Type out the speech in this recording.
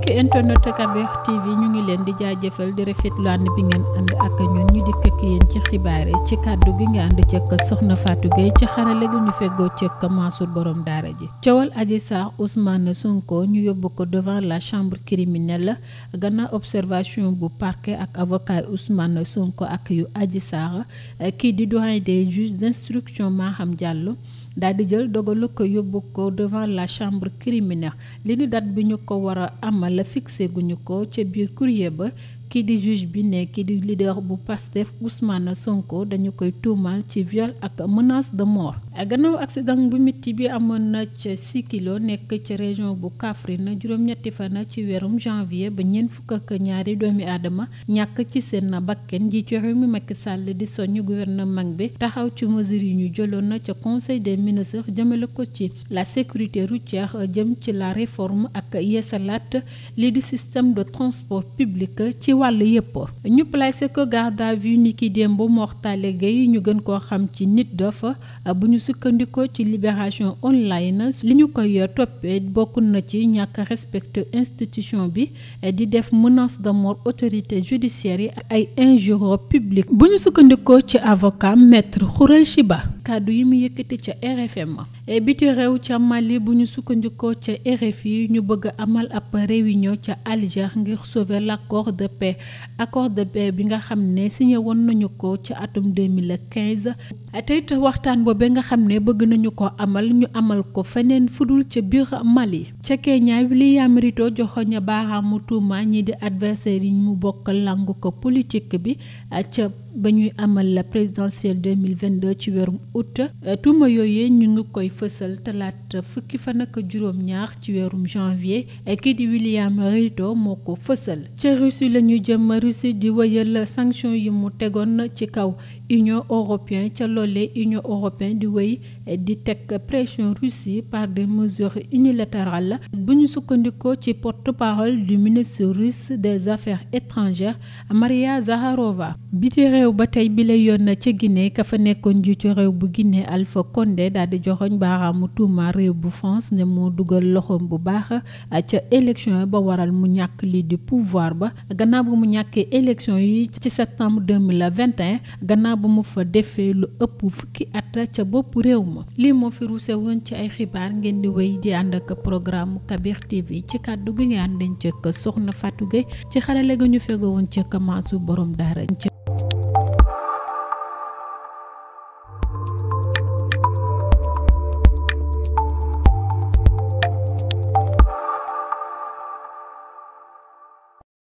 mbokki internet Kabir TV ñu ngi leen di jaajëfal di rafetlu ànd bi ngeen ànd ak ñun ñu dikk ak yéen ci xibaar yi ci kàddu gi nga ànd cek soxna Fatou Gueye ci xarale gi ñu feggoo cek Mansour borom daara ji coowal Adji Sarr Ousmane Sonko ñu yóbbu ko devant la chambre criminelle gannaaw observation bu parke ak avocat Ousmane Sonko ak yu Adji Sarr kii di doyen des juges d'instruction Maham Diallo daal di jël dogalu ko yóbbu ko devant la chambre criminelle li la fixé guñu ko ca biir courrier ba kii di juge bi ne kii di leader bu Pastef Ousmane Sonko dañu koy tuumal ci viol ak menace de mort gannaaw accident bu metti bi amoon na ca Sikilo nekk ci région bu Kaffrine juróom-ñetti fan ci weerum janvier ba ñeen fukk ak ñaari doomi aadama ñàkk ci seen bakken ji ci réew mi Macky Sall di soññ gouvernement bi taxaw ci mesures yi ñu jëloon na ca conseil des ministres jëmale ko ci la sécurité routière jëm ci la réforme ak yeesalaat lii di système de transport public wàll yépp ñu placé ko garde à ni ki démb Mortale yi ñu gën koo xam ci nit dofa bu ñu sukkandikoo ci libération online li ñu koy toppee bokk na ci ñàkk respecte institution bi di def menace de mort autorité judiciaire yi ak ay injure publique bu ñu sukkandikoo ci avocat maître Khoureychi Ba kàddu yi mu yëkkati ca RFM biti réew ca Mali bu ñu sukkandikoo ca RFI ñu bëgg amal ab réunion ca Alger ngir sauver l'accord de paix accord paix bi nga xam ne signé woon nañu ko ca atum 2015 teyit waxtaan boobee nga xam ne bëgg nañu ko amal ñu amal ko feneen fudul ca biir Mali ca Kenya William Ruto joxoñ baaxaamu tuuma ñii di adversaire yi mu bokkal làngu ko politique bi ca ba ñuy amal la présidentielle 2022 ci weerum août tuuma yooyee ñu ngi koy fësal talaat fukki fan ak juróom ñaar ci weerum janvier kii di William Ruto moo ko fësal ca Russie la ñu jëm Russie di wëyal sanction yi mu tegoon ci kaw Union européenne ca loolee Union européenne di wéy di teg pression Russie par des mesures unilatérales bu ñu sukkandikoo ci porte-parole du ministre russe des affaires étrangères Maria Zaharova biti réew ba tey bi yoon na ca Guinée ka fa nekkoon njiitu réew bu Guinée Alpha Condé daal di joxoñ baaraamu tuuma réew bu France ne moo dugal loxoom bu baax ca élection ba waral mu ñàkk li di pouvoir ba gannaaw ba mu ñàkkee élection yi ci septembre 2021 gannaaw bu mu fa defee lu ëpp fukki at ca bopp réew ma lii moo fi ruse woon ci ay xibaar ngeen di wéy di ànd ak programme Kabir TV ci kaddu gi nga àndañ ca soxna fatuge ci xarale ga ñu fegoo woon ca kamaasu borom daara